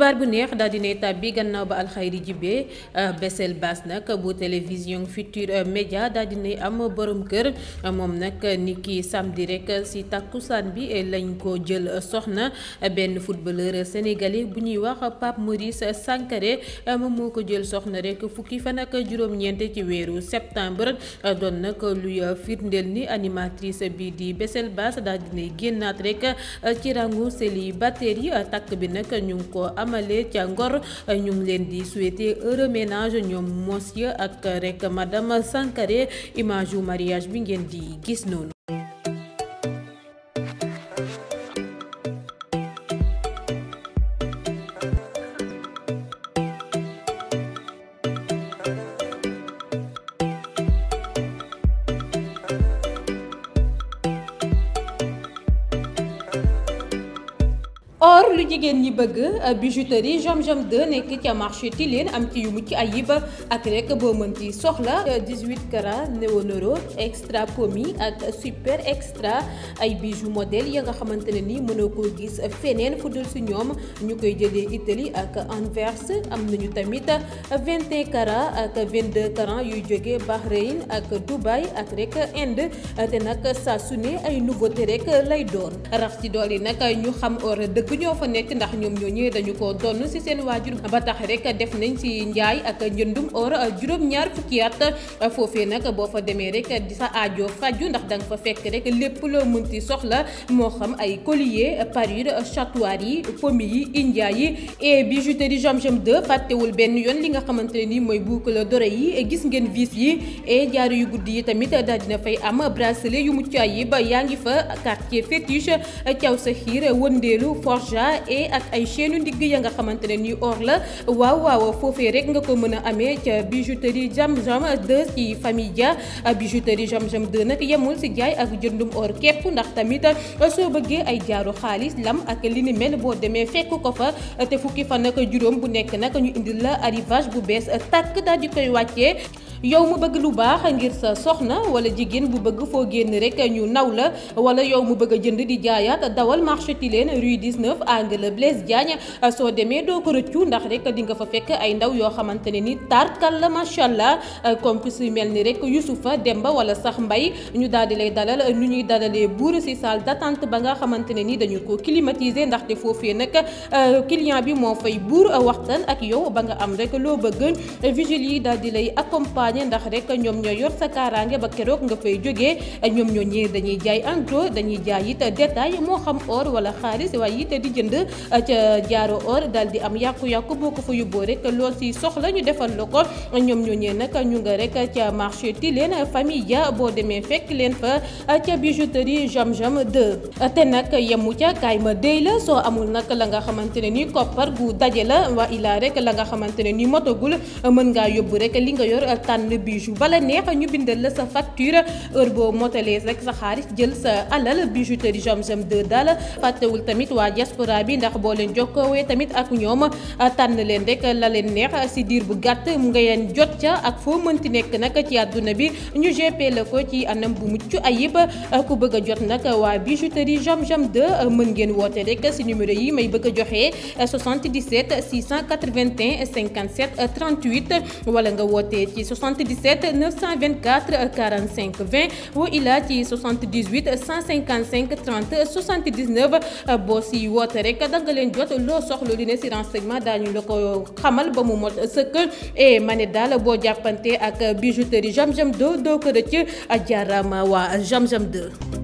xibaar bu neex daal di ne tàbbi gannaaw ba alxayri jibee euh, Bessel Bass nag bu télévision Futurs euh, Médias daal di ne am boroom kër moom nag ni ki samedi rek takku takkusaan bi lañ ko jël soxna benn footballeur sénégalais bu ñuy wax Pape Maurice Sankaré moom moo ko jël soxna rekk fukki fa ak juróom-ñeent ci weeru septembre doon nag luy firndeel ni animatrice bi di Bessel Bass daal di ne génnaat rek ci rangu célibataire yi takk bi nag ñu ko am. amalee ca Ngor ñu ngi leen di souhaiter heureux ménage ñoom monsieur ak ma madame Sankaré image yu mariage bi ngeen di gis noonu or lu jigéen ñi bëgg euh, bijouterie jam-jam 2 nekk ca marché Tilène am ci yu mucc ayib ak rek boo mënti soxla 18 euh, carats néonoro extra pomi ak super extra ay bijoux modèle ya nga xamante ne ni mënoo ko gis feneen fu dul si ñoom ñu koy jëlee Italie ak Anvers am nañu tamit 21 carats ak 22 carats yuy jógee Bahreïn ak Dubaï ak rek Inde te nag saa su ne ay nouveauté lay doon rax ci dool yi nag ñu xam or dëgg ñoo fa nekk ndax ñoom ñooñu dañu ko donn ci seen waajur ba tax rek def nañ ci njaay ak njëndum or juróom-ñaar fukki at foofee nag boo fa demee rek di sa aajo faju ndax danga fa fekk rek lépp loo mënti soxla moo xam ay collier parure chatouar yi pomi yi india yi et bijouterie jam-jam 2 fàttewul benn yoon li nga xamante ni mooy boucle d'oreille yi gis ngeen vis yi et jaaru yu guddi yi tamit daal dina fay am bracelet yu yi ba yaa ngi fa quartier fétiche bras ak ay chaîne ndigg ya nga xamante ne nii or la waaw waaw foofee rek nga ko mën a amee ca bijouterie Jam Jam 2 ci famille Dia ah, bijouterie Jam Jam 2 nag yemul si jaay ak jëndum or képp ndax tamit soo bëggee ay jaaru xaalis lam ak li ni boo demee fekk ko fa te fukki fan ak juróom bu nekk nag ñu indil la arrivage bu bees tàkk daal di koy wàccee. yow mu bëgg lu baax ngir sa soxna wala jigéen bu bëgg foo génn rek ñu naw la wala yow mu bëgg a jënd di jaayaat dawal marché Tilène rue 19 angle Blaise Diagne soo demee doo ko rëccu ndax rek di nga fa fekk ay ndaw yoo xamante ne ni tarkal la macha allah comme su mel ni rek Youssoufa Demba wala sax mbay ñu daal di lay dalal lu ñuy dalalee buur si salle d'attente ba nga xamante ne ni dañu ko climatiser ndaxte foofee nag euh, client bi moo fay buur waxtaan ak yow ba nga am accompagner ndax rek ñoom ñoo yor sa kaaraange ba keroog nga fay jógee ñoom ñoo dañuy jaay en dañuy jaay it détail moo xam or wala xaalis waaye it di jënd ca jaaro or daal di am yàqu-yàqu boo ko fa yóbboo rek lool si soxla ñu defal la ko ñoom ñoo ñëw nag ñu nga rek ca marché Tilène famille ja boo demee fekk leen fa ca bijouterie Jam Jam 2 te nag yemu ca kaay ma déy la soo amul nag la nga xamante ne ni koppar gu daje la waa ilaa rek la nga xamante ne ni motagul mën ngaa yóbbu tànn bijou bala neex ñu bindal la sa facture heure boo motalee rek sa xaalis jël sa alal bijouterie Jam-Jam 2 daal fàttewul tamit waa diaspora bi ndax boo leen jokkoowee tamit ak ñoom tànn leen rek la leen neex si diir bu gàtt mu nga leen jot ca ak foo mënti nekk nag ci àdduna bi ñu GP la ko ci anam bu mucc ayib ku bëgg a jot nag waa bijouterie Jam-Jam 2 mën ngeen woote rek si numéro yi may bëgg a joxe 77 681 57 38 wala nga woote ci 77 77 924 45 20 ou ila ci 78 155 30 79 boo si woote rek da leen jot loo soxla lu ne si renseignement daañu la ko xamal ba mu mot sëkk et ma ne daal boo jàppante ak bijouterie jam jam 2 doo ko rëcc jaarama waa jam jam 2